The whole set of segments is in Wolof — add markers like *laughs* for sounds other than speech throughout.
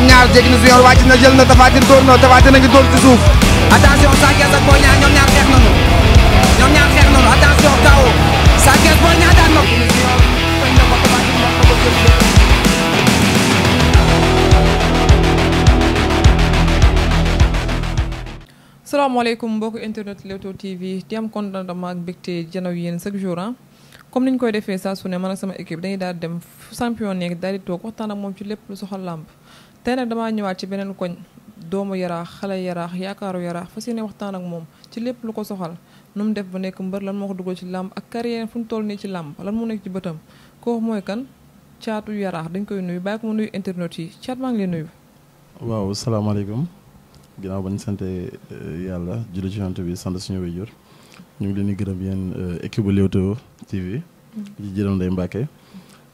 ñoom ñaar jéggi na junior wàcc na jël na Tapha Tine dóor na Tapha Tine a ngi dóor ci suuf attention Sa Thiès ak Boy Niang ñoom ñaar xeex nañu ñoom ñaar xeex nañu attention kaw Sa Thiès Boy Niang daan na salaamaaleykum mbokk internet Leewtoo TV di am contentement ak mbégte janaw yéen chaque jour ah comme niñ koy defee saa su ne man ak sama équipe dañuy daal dem champion nekk daal di toog waxtaan ak moom ci lépp lu soxal làmb tey nag damaa ñëwaat ci beneen koñ doomu yaraax xale yaraax yaakaaru yaraax fas yéene waxtaan ak moom ci lépp lu ko soxal nu mu def bu nekk mbër lan moo ko dugal ci làmb ak carrière fu mu toll nii ci làmb lan moo nekk ci bëtam koo mooy kan caatu yaraax dañ koy nuyu bàyyi ko mu nuyu internet yi caat maa ngi lay nuyu. waaw salaamaaleykum ginnaaw ba ñu sant eh, yàlla julli ci yonent bi sant suñu wéyjur ñu ngi leen di gërëm yéen eh, équipe bu Leewtoo TV. Mm-hmm. di jërëm Ndeye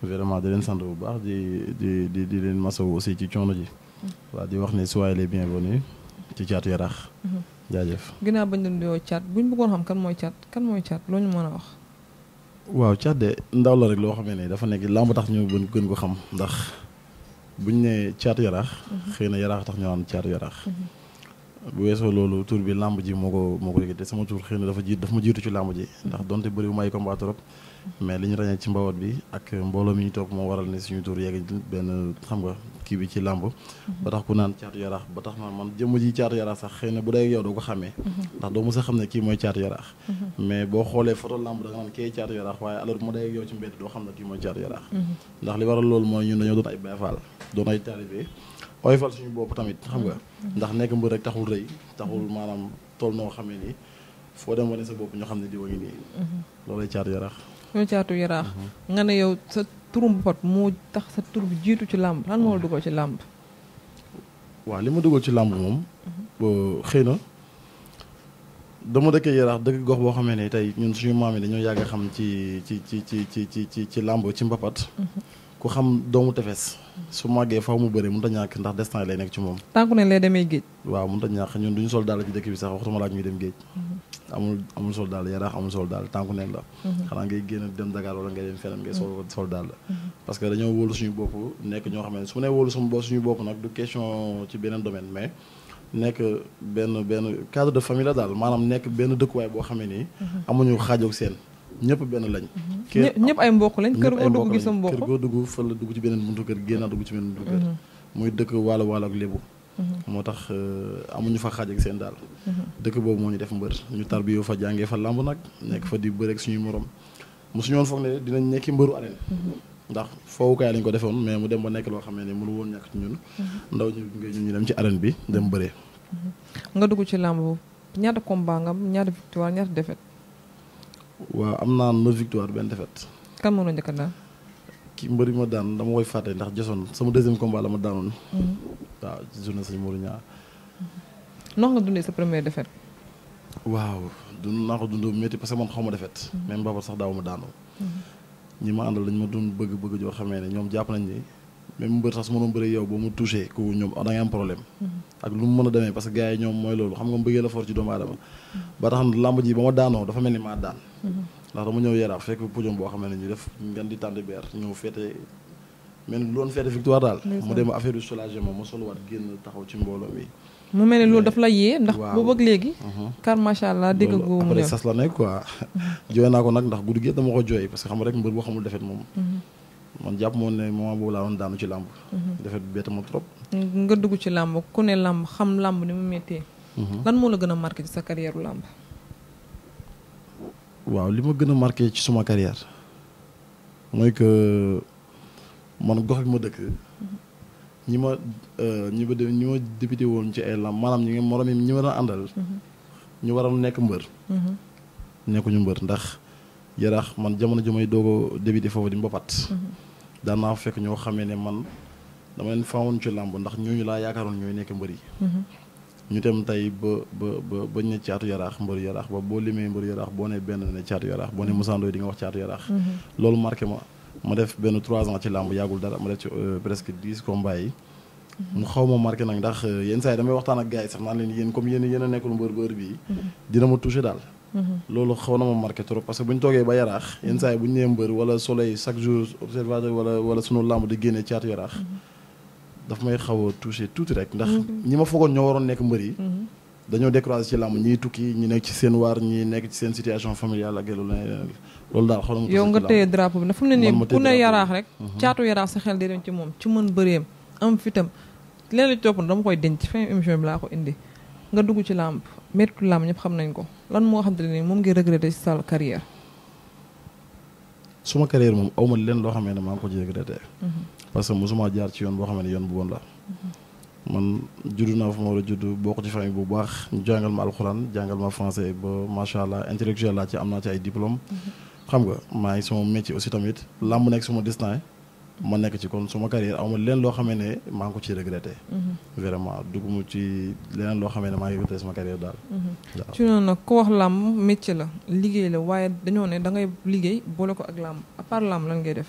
vraiment di leen sant bu baax di di di di leen masawu aussi ci coono ji. waaw di wax ne soyez les bienvenus ci caatu yaraax. Mhm. jaajëf ginnaaw bañ doon nuyoo caat buñ bëggoon xam kan mooy caat kan mooy caat loo ñu mën wax. waaw caat de ndaw la rek loo xamee ne dafa nekk làmb tax ñu gën gën ko xam ndax bu buñ ne caatu yaraax. Mhm. xëy na yaraax tax ñu am caatu yaraax. Mhm. bu weesoo loolu tuur bi làmb ji moo ko moo ko yëg te sama tur xëy na dafa jiit dafa ma jiitu ci làmb ji. ndax donte bëri bu mais li ñu ràññee ci mbawat bi ak mbooloo mi ñu topp moo waral ne suñu tur yegg benn xam nga kii bi ci làmb mhm. ba tax ku naan caatu yaraax ba tax man man jëmm ji caatu yaraax sax xëy na bu dee yow doo ko xamee mhm. ndax doo mos a xam ne kii mooy caatu yaraax mhm. mais boo xoolee photo làmb da nga naan kii caatu yaraax waaye alors mu dee yow ci mbedd doo xam ne kii mooy caatu yaraax ndax li waral loolu mooy ñun dañoo doon ay Baay doon ay taalibe ooy suñu bopp tamit xam nga ndax nekk mbër rek taxul rëy taxul maanaam tool noo xamee ni foo dem wane sa bopp ñoo xam ne di a ngi nii loolay caatu yaraax ñoo caatu yaraax nga ne yow sa turum pot moo tax sa tur bi jiitu ci làmb lan moo la ci làmb waaw li ma dugal ci làmb moom xëy na dama dëkk yaraax dëkk gox boo xamee ni tey ñun suñu maam yi dañoo yàgg xam ci ci ci ci ci ci ci làmb ci mbapat ku xam doomu tefes su màggee faw mu bëri mënut a ñàkk ndax destin lay nekk ci moom. tànku ne lay demee géej. waaw mënut a ñàkk ñun duñu sol daal ci dëkk bi sax waxtuma la ak ñuy dem géej. Mhm. amul amul sol daal parce que dañoo wóolu suñu bopp nekk ñoo xam su ma nee wóolu suñu bopp nag du question ci beneen domaine mais nekk benn benn cadre de famille la daal maanaam nekk benn dëkkuwaay boo xam nii. Mhm. amuñu xaajoog seen ñëpp benn lañ. Mhm. ñëpp ay mbokk lañ kër goo dugg gisam mbokk kër goo dugg fa dugg ci beneen buntu kër génnaat dugg ci beneen buntu kër. muy mhm. dëkk waalo waalo ak lébu. Mhm. moo tax euh, amuñu fa xaaj ak seen daal. dëkk boobu moo ñu def mbër ñu tarbiyoo fa jàngee fa làmb nag nekk fa di bëreek suñuy morom mosuñu woon foog ne dinañ nekki mbëru arène. ndax foowukaay lañ ko defoon mais mu dem ba nekk loo xam ne mënu woon ñàkk ci ñun. ndaw ñu ngay ñu dem ci arène bi dem bëree. nga dugg ci làmb ñaata combat nga ñaata victoire ñaata défaite waaw am naa neuf victoire benn défaite. kan moo la njëkk a ki mbëri ma daan dama koy fàtte ndax Jason sama deuxième combat la ma daanoon. Mhm. waaw ci journée sëñ Modou Niang. Mhm. nox nga dundee sa première défaite. waaw dund naa ko dund métti parce que man xaw ma défaite. Mhm. même boobu sax daaw ma daanoo. ñi ma àndal dañ ma doon bëgg bëgg joo xamee ne ñoom jàpp nañ ni même mbër sax su ma doon bëree yow boo ma touché ku ñoom da ngay am problème. ak lu mu mën a demee parce que gars yi ñoom mooy loolu xam nga mbëggee la fort ci doomu aadama ba tax na làmb ba ma daanoo dafa mel ni maa daan ndax dama ñëw yaraax fekk pujom boo xam ne ñu def ngeen ni taxaw ci mbooloo mi mu mel ne loolu daf la yee ndax boobu ak léegi car mhm. macha allah dégg googu après sas la nekk quoi *laughs* jooy naa ko nag ndax guddi gi dama ko jooy parce xam rek mbër boo xamul defet moom mhm. man jàpp moon ne moment boobu laa doon daanu ci làmb mhm. defet bett ma trop nga dugg ci làmb ku ne làmb xam làmb ni mu méttee mhm. lan moo la gën a marqué ci sa carrière làmb waaw li ma gën a marke ci suma carrière mooy que man gox bi ma dëkk mhm. ñi ma euh, ñi ma ñi ma député woon ci ay làmb maanaam ñi nga moroom yi ñi ma doon àndal ñu waral nekk mbër nekkuñu mbër ndax yaraax man jamono ji may doog a débuté foofu di mbapat mm-hmm. daan fekk ñoo xamee ne man dama leen fawoon ci làmb ndax ñooñu laa yaakaaroon ñooy nekk mbër yi mm-hmm. ñu dem tey ba ba ba bañ ne caatu yaraax mbëru yaraax ba boo limee mbëru yaraax boo ne benn ne caatu yaraax boo ne musandooy mm-hmm. di nga wax caatu yaraax loolu marqué ma ma def benn trois ans ci làmb yàggul dara ma def ci euh, presque dix combats yi mu xaw ma marqué nag ndax euh, yenn saa yi damay waxtaan ak gars yi sax naan leen yéen comme yéen yéen daal loolu xaw na ma marqué trop parce que bu ñu toogee ba yaraax yenn saa yi bu ñu nee mbër wala soleil chaque jour observateur wala wala làmb di génne caatu yaraax daf may xaw a tuuti rek ndax ñi ma foogoon ñoo waroon nekk mbër yi dañoo découragé ci làmb ñiy tukki ñi nekk ci seen waar ñi nekk ci seen situation familiale ak loolu daal xoolal na fu mu ne nii ku ne yaraax rek mhm. caatu yaraax sa xel di dem ci moom ci mën bëreem am fitam leen la méritu làmb ñëpp xam nañ ko lan moo xam ne ne moom ngi regretté ci sa carrière suma carrière moom aw ma leen loo xamee ne maa ko ci regretté mhm. parce que mosuma jaar ci yoon boo xamee ne yoon bu bon la mhm. man juddu naa fa ma war a juddu bokk ci famille bu baax ñu jàngal ma alxuraan jàngal ma français ba macha allah intellectuel laa ci am naa ci ay diplôme mhm. xam nga maa ngi sama métier aussi tamit làmb nekk suma destin ma nekk ci kon suma carrière amul leen loo xamee ne maa ngi ko ciy regretté. Mhm. vraiment dugguma ci leneen loo xamee ne maa ngi regretté suma carrière daal. ci mhm. noonu nag ko wax làmb métier la liggéey la waaye dañoo ne dangay liggéey boole ko ak làmb à part làmb lan ngay def.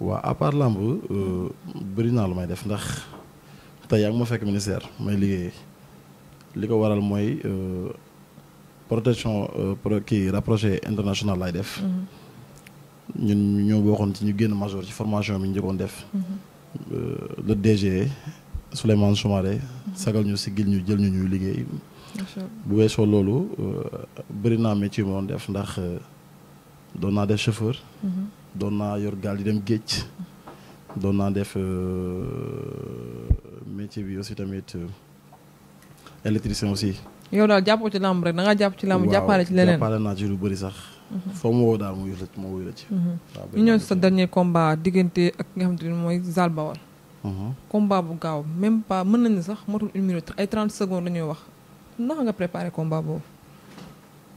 waaw à part làmb euh, bëri naa lu may def ndax tey yaa ngi ma fekk ministère may liggéey li ko waral mooy euh, protection euh, kii rapproché international laay def. Mhm. ñun ñoo bokkoon ci ñu génn major ci formation bi ñu njëkkoon def. Mhm. Euh, le DG Souleymane Soumaré. Mhm. sagal ñu si gil ñu jël ñu ñuy liggéey. bu weesoo loolu euh, bari naa métier moo def ndax euh, doon naa def chauffeur. Mhm. doon naa yor gaal di dem géej. doon naa def métier bi aussi tamit électricien aussi. yow daal jàppoo ci làmb rek da jàpp ci làmb jàppale ci leneen foo mu woo daal mu wuyu la ci mu wuyu la ci. ñu ñëw sa dernier combat diggante ak nga xamante ne mooy Zal Bawal. Mhm. combat bu sax motul une minute ay 30 secondes la ñuy wax naka nga préparé combat boobu.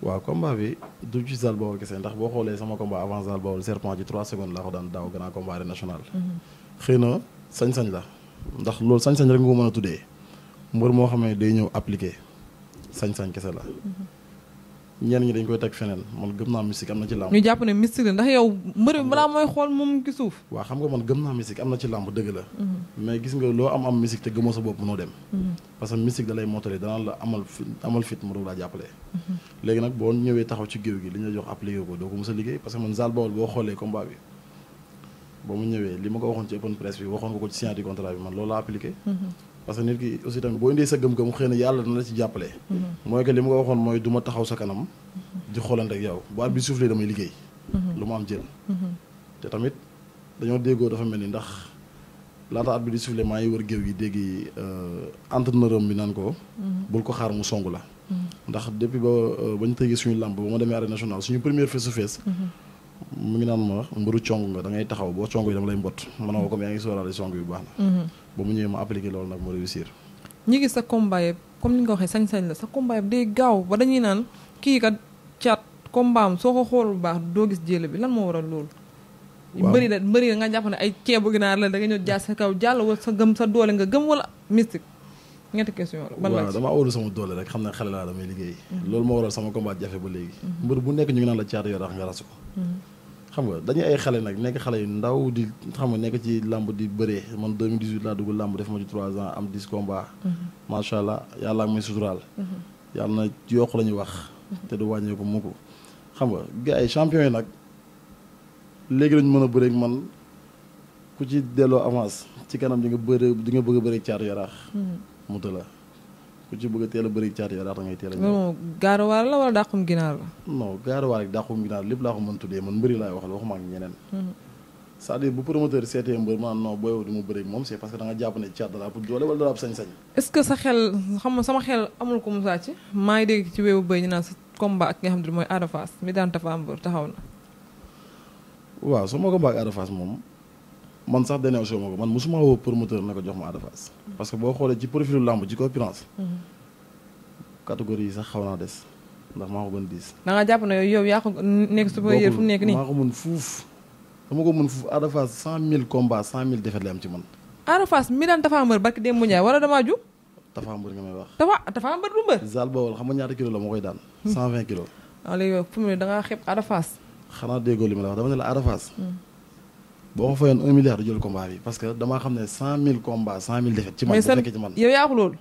waaw combat bi du ci Zal Bawal kese ndax boo xoolee sama combat avant Zal Bawal serpent ci 3 secondes laa ko daan daaw mhm. na sañ-sañ la ndax loolu sañ-sañ rek nga ko mën a tuddee mbër moo xam ne day ñëw appliqué sañ-sañ kese la. Mhm. ñenn ñi dañ koy teg feneen man gëm naa mystique am na ci làmb ñu jàpp ne mystique la ndax yow mbër balaa mooy xool moom ci suuf waaw xam nga man gëm naa mystique am na ci làmb dëgg la mhm. mais gis nga loo am am mystique te gëmoo sa bopp mënoo dem mhm. parce que mystique da lay mottali la amal fit mu doog laa jàppale mhm. léegi nag boo ñëwee taxaw ci géew gi li ñu jox appliqué doo ko mos a liggéey parce que man Zal Baol boo xoolee combat bi ba mu ñëwee li parce que nit ki aussi tamit boo indee sa gëm-gëm xëy yàlla dana la ci jàppale. Mhm. mooy que li ma ko waxoon mooy du ma taxaw sa kanam. di xoolante ak yow bu at bi suuf lee mhm. mhm. tamit dañoo déggoo dafa mel ni ndax laata at di maa ngi wër géew gi dégg euh, entraîneur am bi naan ko. bul ko xaar mu song la. ndax depuis ba euh, ba ñu tëjee suñu làmb ba ma demee arène nationale suñu première face to face. mu ngi naan ma mbëru cong nga da ngay taxaw boo cong yi dama lay mbott ma na ko comme yaa ngi sóoraale song yu baax na. ba mu ñëwee ma appliqué loolu nag ma réussir. ñi gis sa combat comme ni nga ko waxee sañ-sañ la sa combat yëpp day gaaw ba dañuy naan kii ka caat combat am soo ko xool bu baax doo gis jële bi lan moo waral loolu. waaw bëri na bëri na nga jàpp ne ay ceebu ginaar la da nga ñëw jaar sa kaw jàll wala sa gëm sa doole nga gëm wala mystique ñetti question la. ban waaw damaa wóolu sama doole rek xam ne xale laa damay liggéey. Mm-hmm. loolu moo waral sama combat jafe ba léegi. Mm-hmm. mbër bu nekk ñu ngi naan la caat yoo tax nga rasu xam nga dañuy ay xale nag nekk xale yu ndaw di xam nga nekk ci làmb di bëree man 2018 laa dugg làmb def ma ci 3 ans am 10 combats. Mm-hmm. macha allah yàlla may suturaal. Mm-hmm. yàlla na yokk la ñuy wax. Mm-hmm. te du wàññeeku mukk xam nga gars yi champion yi nag léegi lañu mën a bëreeg man ku ci delloo avance ci kanam di nga bëre di nga bëgg a bëreeg caatu yaraax. mu la. ku ci bëgg a teel a bëri caat yow daata ngay a gaaruwaar la wala dàqum ginaar la non gaaruwaar ak dàqum ginaar lépp laa ko mën tuddee man mbëri laay waxal waxuma ñeneen mhm. cest à bu promoteur seetee mbër mu naan non booy du ma bëri moom c'est parce que jàpp ne caat dalaa pour doole wala dalaa sañ-sañ est sa xel xam sama xel amul ko mu sàcc maa dégg ci weewu bëy ñu naan sa combat ak nga xam ne mooy Ada mi daan Tapha Mbeur taxaw man sax dénoncé wu ma ko man mosuma woo promoteur na ko jox ma Ada Fass parce que boo xoolee ci profilu làmb ci concurrence mm-hmm. catégorie sax xaw naa des ndax maa ko gën diis. da nga jàpp ne yow yaa ko nekk supérieur fu mu nekk nii maa ko mën fuuf dama ko mën fuuf Ada cent mille combats cent mille défaites la ci man. Ada mi daan Tapha Mbeur barki démb Ndiaye wala damaa ju. Tapha Mbeur nga may wax. Tapha Tapha Mbeur du mbër. Zal Bawol xam nga ma *laughs* ah, da ngaa xeeb Ada Fass. xanaa déggoo li boo ko fayoon un milliard du jël combat bi parce que damaa xam ne cent mille combats cent mille défaites. ci man yow yaa ko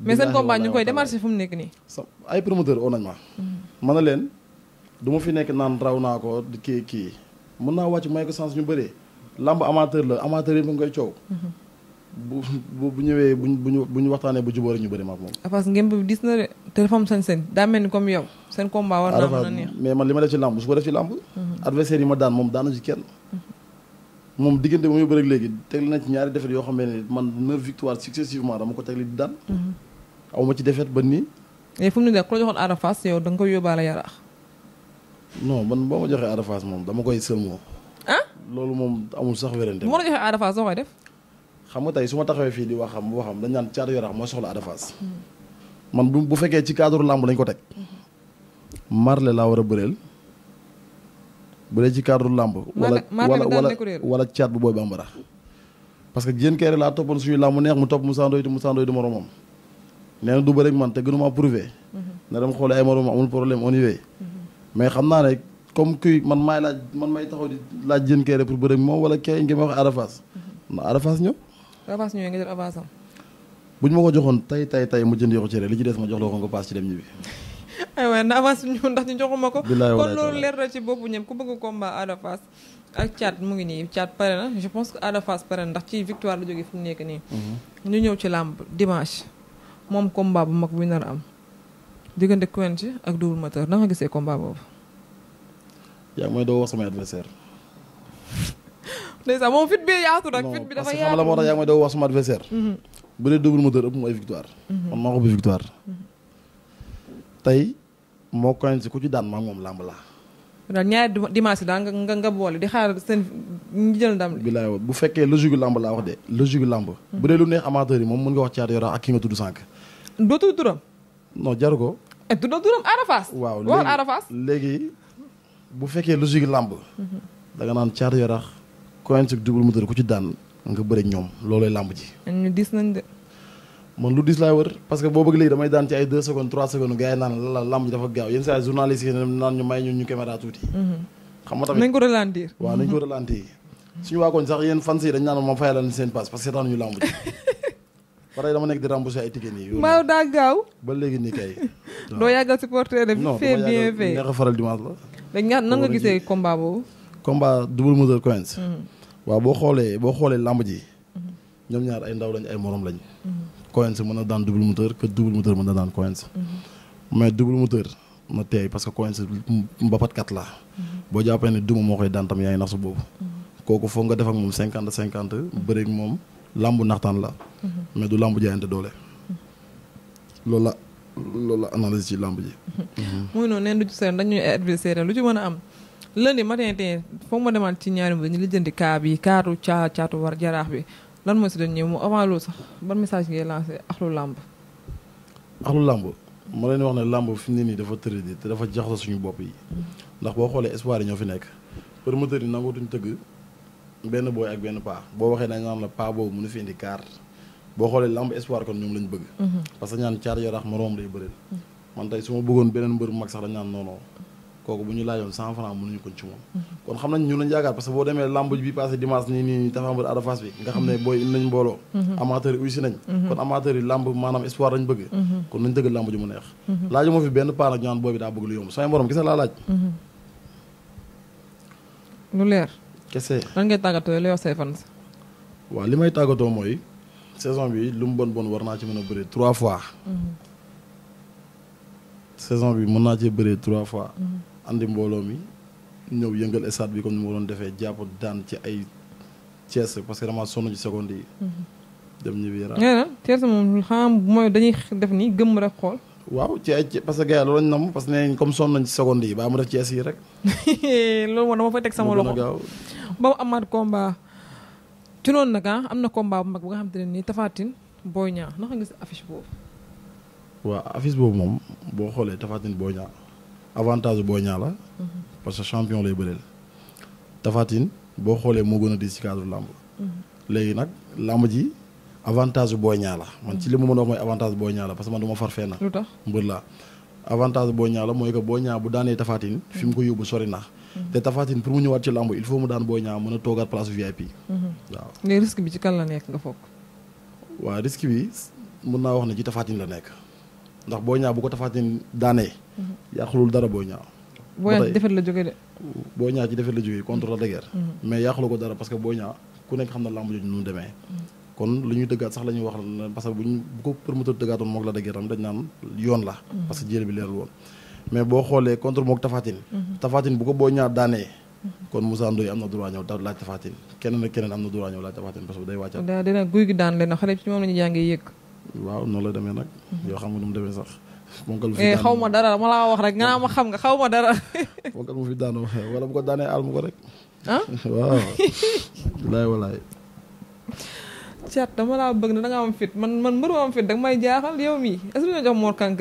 mais seen combat ñu ngi la amateur yi mu ngi seen combat war a neex. mais man li ma def ci lamb su ko def ci lamb. Mhm. adversaire yi ma daan moom daanu ci kenn. Mhm. moom diggante bu muy bëreeg léegi tegle na ci ñaari défaite yoo xam ne man neuf victoire successivement dama ko tegle di mhm. ma ci défaite ba nii. mais fu mu ne nii ku la da nga koy yóbbaale yaraax. non man boo ma joxee Ada moom dama koy sëlmoo. ah loolu moom amul sax wérante. bu ma la joxee Ada Fass soo koy def. xam nga tey su ma taxawee fii di waxam waxam dañ naan caatu yaraax mooy soxla Ada Fass. Mhm. man bu bu fekkee ci cadre làmb lañ ko teg. Mhm. Marley laa war a bëreel. bu dee ci cadre làmb wala wala wala caat bu booy bambara parce que jén kere laa toppoon suñu làmb neex mu topp Moussa Ndoye te Moussa Ndoye du moromam nee na du bëri man te gënuma prouvé mhm. problème on y mhm. mais xam naa ne comme kuy man maay laaj man may taxaw di laaj jën kere pour bëri ak moom wala kay ngi may wax Arafas mhm. ndax Arafas ñëw Arafas ma ko joxoon tey tey tey mu jënd yoxu cere li ci def ma jox la ko paas ci dem ñibbi *laughs* aywa na avance ñu ndax ñu joxuma ko. kon loolu leer na ci boppu ñëpp ku bëgg combat Ada Fass ak Thiat mu ngi nii Thiat pare na je pense que Ada Fass pare na ndax ci victoire la jógee fu mu nekk nii. Mhm. ñu ñëw ci làmb dimanche moom combat bu mag bu na am diggante Quench ak Double Moteur na nga gisee combat boobu. yaa mooy doo wax samay adversaire *laughs* ndeysaan moom fit bi yaatu rek. fit bi dafa yaatu yaa mooy doo wax sama adversaire mhm. bu dee Double Moteur ëpp mu ay victoire. Mhm. man tey moo koy si ku ci daan maa moom làmb laa. daal ñaari dimanche daal nga nga nga boole di xaar seen ñi jël ndam. bilaay bu fekkee logique gu làmb laa wax de logique gu làmb. Hmm. bu dee lu neex amateur yi moom mën nga wax caatu Yoro ak ki nga tudd sànq. doo tudd turam. non jaru ko. et eh, tuddoo turam Ada Fass. waaw léegi bu fekkee logique gu làmb. Hmm. da nga naan caatu Yoro. coin double moteur ku ci daan nga bëre ñoom loolooy làmb ji. man lu dis laay wër parce que boo léegi damay daan ci ay 2 secondes 3 secondes gars yi naan la lamb ji dafa gaaw yenn saa journaliste yi naan ñu may ñu caméra tuuti. Mhm. xam nga tamit nañ ko ralentir. waaw nañ ko mhm. ralentir suñu waakoon sax yéen fans yi dañ naan ma fayalal seen passe parce que seetaan ñu lamb ji *laughs* ba tey dama nekk di remboursé ay *laughs* a faral dimanche la. léegi nga gisee combat boobu. combat double moteur coins. Mhm. waaw boo xoolee boo xoolee lamb ji. ñoom ñaar ay ndaw lañ Quench mën na daan double moteur que double moteur mën na daan Quench mais double moteur na teey parce que Quench mbapatkat la boo jàppee ne duma moo koy daan tam yaa ngi nax su boobu kooku foog nga def ak moom cinquante cinquante bëreeg moom làmb naxtaan la mais du làmb jaayante doole loolu la analyse ci làmb ji muy noonu neen du ci seen dañuy adversaire lu ci mën a am lundi matin tey foog ma demaat ci ñaari mbir ñu lijjanti kaa bi kaatu caa lan moo si doon ñëw mu avant loolu sax ban message ngay lancé axlu làmb axlu làmb ma leen wax ne làmb fi mu ne nii dafa tëradi te dafa jaxasoo suñu bopp yi ndax boo xoolee espoir yi ñoo fi nekk promoteur yi nangootuñ tëgg benn booy ak benn paa boo waxee dañ naan la paa boobu mënu fi indi carte boo xoolee lamb espoir kon ñoom lañ bëgg mhm. parce que ñaan caar yaraax moroom lay bëreel mhm. man tey su ma bëggoon beneen mbër mag sax dañ naan noonoo kooku bu ñu laajoon cent franc mënuñu ko ci moom mhm. kon xam nañ ñun lañ yaakaar parce que boo demee lamb bi passé dimanche nii nii Tapha Mbeur Ada bi nga xam ne mhm. booy indi mbooloo mhm. amateur uy si nañ kon amateur yi maanaam espoir lañ bëgg kon nañ dëgg lamb ji mu neex laaju moo fi benn paan ak ñu booy bi daa bëgg lu yomb samay morom kese laa laaj lu leer kese lan ngay tàggatoo lu yow say fans waaw li may tàggatoo mooy saison bi lu mu bon bon war naa ci a bëri trois fois saison bi mën naa ci bëri trois andi mbooloo mi ñëw yëngal stade bi comme ni ma doon defee jàpp daan ci ay Thiès parce que dama sonn ci seconde yi. Mhm. dem ñibbi Yaraam nee moom xam mooy dañuy def ni gëmm rek xool. waaw ci ay parce que gars yi loolu lañ parce que nee yi ba mu def Thiès yi rek. *laughs* loolu moom dama fa teg sama loxo ba mu amaat combat ci nag ah am na komba bu mag bu nga xam te ne nii Tapha Tine Boy Niang a nga gis affiche boobu. waaw affiche boobu moom boo xoolee Tapha Tine Boy avantage Boy Niang la parce que champion lay bëreel Tapha boo xoolee moo gën a di si cadre làmb léegi nag làmb ji avantage Boy Niang la man ci li mu mën a wax mooy avantage Boy Niang la parce que man du ma far fenn lu tax mbër laa avantage la mooy que Boy Niang bu daanee Tapha fi mu ko yóbbu sori te Tapha pour mu ñëwaat ci làmb il faut mu daan Boy Niang mën a toogaat place VIP waaw léegi risque bi ci kan la nekk nga foog waaw risque bi mën naa wax ne ci Tapha la nekk ndax Boy Niang bu ko Tapha Tine daanee. Mhm. yàqulul dara Boy Niang. Boy Niang defet la jógee de. Boy Niang ci defet la jógee contre la dëgër. Mhm. mais yàqulu ko dara parce que Boy ku nekk xam na lamb nu demee. Mhm. kon lu ñuy dëggaat sax la wax parce bu ko promoteur dëggaatoon moog la dëgër tam dañ naan yoon la. parce que bi leerul woon. mais boo xoolee contre moog Tapha Tine. bu ko Boy Niang daanee. kon Moussa Ndoye am na droit laaj Tapha Tine waaw noonu la demee nag. Mhm. yoo xam nga nu mu demee sax. ponkal mu fi eh, daanoo xaw ma dara ma laa wax rek nga xam nga xaw ma dara. ponkal *laughs* mu bu ko daanee aal mu ko rek. ah *laughs* waaw. walaay walaay. Thiat dama laa bëgg na da am fit man man mbëru am fit da may jaaxal yow mii est-ce que ñu jox Mor Kang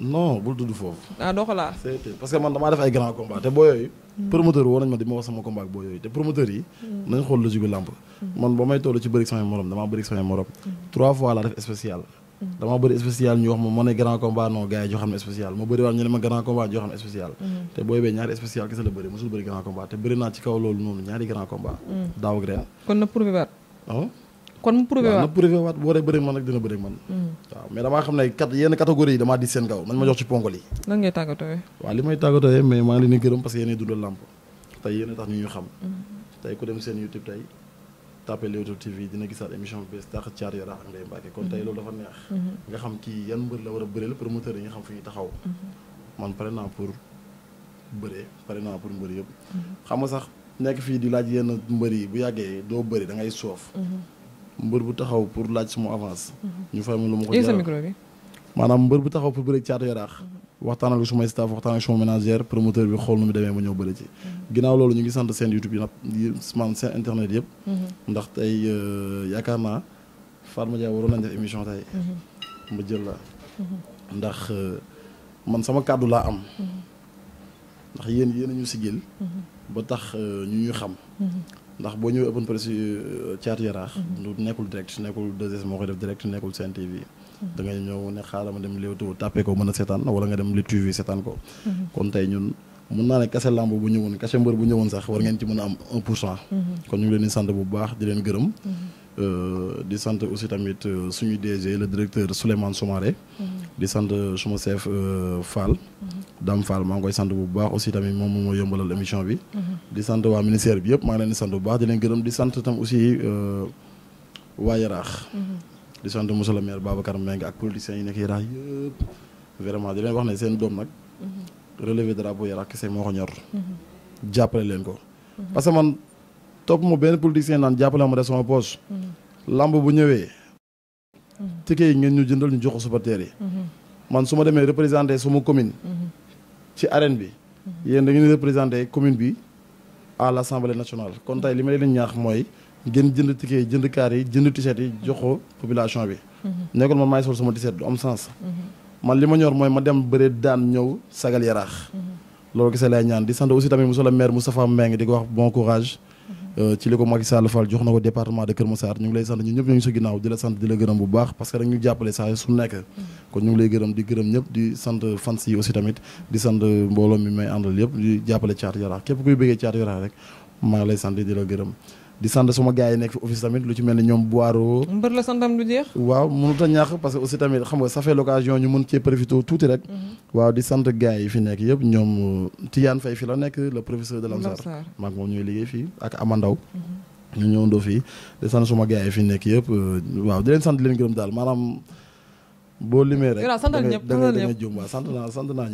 non bul tudd foofu. ah doo ko parce que man damaa def ay grand combat te boo yooyu. promoteur woo nañ ma di ma wax sama combat boo yooyu te promoteur yi nañ xool logique gu làmb man ba may toll ci bëri samay morom damaa bëri samay morom trois fois laa def spécial damaa bëri spécial ñu wax ma ma ne grand combat non gars yi ne spécial ma bëri waat ñu ma grand combat joo ne spécial te booy bee ñaari spécial kese la bëri mosul bëri grand combat te bëri naa ci kaw loolu noonu ñaari grand combat mm. daaw ak kon mu prouvé waat na prouvé waat boo dee bëri man rek dina bëri man hmm. waaw mais damaa xam ne kat yenn catégorie yi damaa di seen kaw nañ ma jox ci pongol yi lan ngay tàggatooyee waaw li may tàggatooyee mais maa leen di gërëm parce que yéenay dundal làmp tey yéen a tax ñu ñu xam hmm. tey ku hmm. a bëreel promoteur yi nga xam fi ñu taxaw man pare naa pour bëree pare naa pour mbër yëpp xam sax nekk fii di laaj yenn mbër yi bu yàggee doo bëri da ngay soof mbër bu taxaw pour laaj suma avance. Mhm. ñu fay ma lu ma ko jaral maanaam mbër bu taxaw pour bëre caatu yaraax. Mhm. waxtaan ak sumay staff waxtaan ak suma ménagère promoteur bi xool nu mu demee ma ñëw bëri ci. Mhm. ginnaaw loolu ñu ngi sant seen YouTube yi nag man seen internet yëpp. ndax tey euh, yaakaar naa Fatma Dia waroon nañ def émission tey. ma la. ndax euh, man sama kàddu laa am. ndax yéen yéen a ñu sigil. ba tax euh, ñu ñu xam. ndax boo ñëwee open press euh, Thiatou Yarakh du nekkul direct nekkul 2S TV da ngay ñëw ne xaaral ma dem Leewtoo tàppee ko mën a seetaan wala nga dem Lutte TV seetaan ko mhm. kon tey ñun mun naa ne kase lamb bu ñëwoon kase mbër bu ñëwoon sax war ngeen ci mën a am 1 pour mhm. kon ñu leen di sant bu baax di leen gërëm mhm. euh, di sant aussi tamit euh, suñu DG le directeur Souleymane Soumaré di sant suma chef euh, Fall. Dame Fall maa ngi koy sant bu baax aussi tamit moom moo ma yombalal émission bi. di sant waa ministère bi yëpp maa ngi leen di sant bu baax di leen gërëm di sant tam aussi euh, waa Yaraax. di sant monsieur le maire Babacar Mbengue ak politiciens yi nekk Yaraax yëpp vraiment di leen wax ne seen doom nag. relevé drapeau Yaraax kese moo ko ñor. jàppale leen ko. parce man topp ma benn politicien naan jàppale ma def sama poche. lamb bu ñëwee. ticket yi ngeen ñu jëndal ñu jox ko supporters yi. Mhm. man su ma demee représenté suma commune. Mhm. ci arène bi. Mhm. yéen da ngeen commune bi à l' assemblée nationale kon tey li ma leen ñaax mooy ngeen jënd ticket yi jënd kaar yi jënd t-shirt yi jox ko bi. nekkul man maay sol sama t-shirt du am sens. man li ma ñor mooy ma dem bëre daan ñëw sagal yaraax. loolu kese lay ñaan di sant aussi tamit monsieur le maire Moustapha Mbengue di ko wax bon courage. Euh, ci li ko Macky Sall Fall jox na ko département de Kër Massar ñu ngi lay sant ñu ñëpp ñu ngi sa ginnaaw di la sant di la gërëm bu baax parce que rek ñu jàppale saa su nekk mm-hmm. kon ñu ngi lay gërëm di gërëm ñëpp di sant fans yi aussi tamit di sant mbooloo mi may àndal yëpp di jàppale Thiatou Yarakh képp kuy bëggee Thiatou Yarakh rek maa ngi lay sant di la gërëm di sant suma gars yi nekk fi office tamit lu ci mel ni ñoom Boiro. mbër la santam lu jeex. waaw mënut a ñàkk parce que aussi tamit xam nga ça fait l'occasion ñu mën cee profité tuuti rek. Mhm. waaw di sant gars yi fi nekk yëpp ñoom euh, Tidiane Faye fi la nekk le professeur de Lamsar. maak moom ñooy liggéey fii ak Amandaw. Mhm. ñu ñëwandoo fii di sant suma gars yi fi nekk yëpp euh, waaw di leen sant leen gërëm daal maanaam. boo limee rek da ngay da ngay jum waaw sant naa sant naa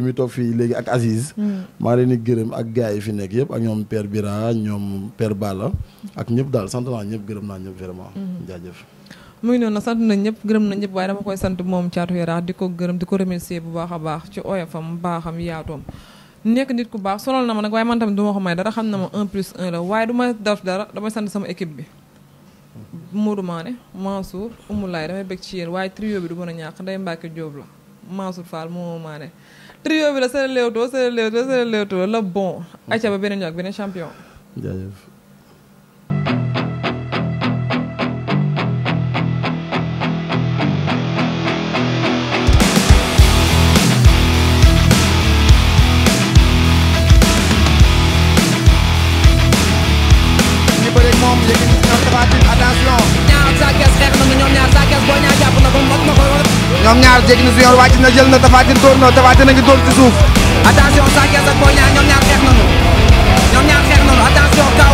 *laughs* mi toog fii léegi ak Aziz. Hmm. maa leen gërëm ak gars yi fi nekk yëpp ak ñoom Père Bira ñoom Père Bala ak ñëpp daal sant naa ñëpp gërëm naa ñëpp vraiment. Hmm. jaajëf. mu ngi noonu sant nañ ñëpp gërëm nañ ñëpp waaye dama koy sant moom Thiatou Yarakh di ko gërëm di ko remercier bu baax a baax ci oyofam baaxam yaatoom. nekk nit ku baax sonal na ma nag waaye man tamit du ko may dara xam na ma 1 plus 1 la waaye du ma dara damay sant sama équipe bi. Modou Mané Mansour Oumulaay damay bëgg ci yéen waaye trio bi du mën a ñàq Ndeye Mbacke Diop la Mansour Fall moo Mané trio bi la seen Leewtoo seen Leewtoo seen Leewtoo la bon. acca ba beneen ñoog beneen champion. ñaar jéggi na su yoon wàcc na jël na tafaatin dóor na tafaatin a ngi dóor ci suuf attention Sa Thiès ak Boy Niang ñoom ñaar xeex nañu ñoom ñaar xeex nañu attention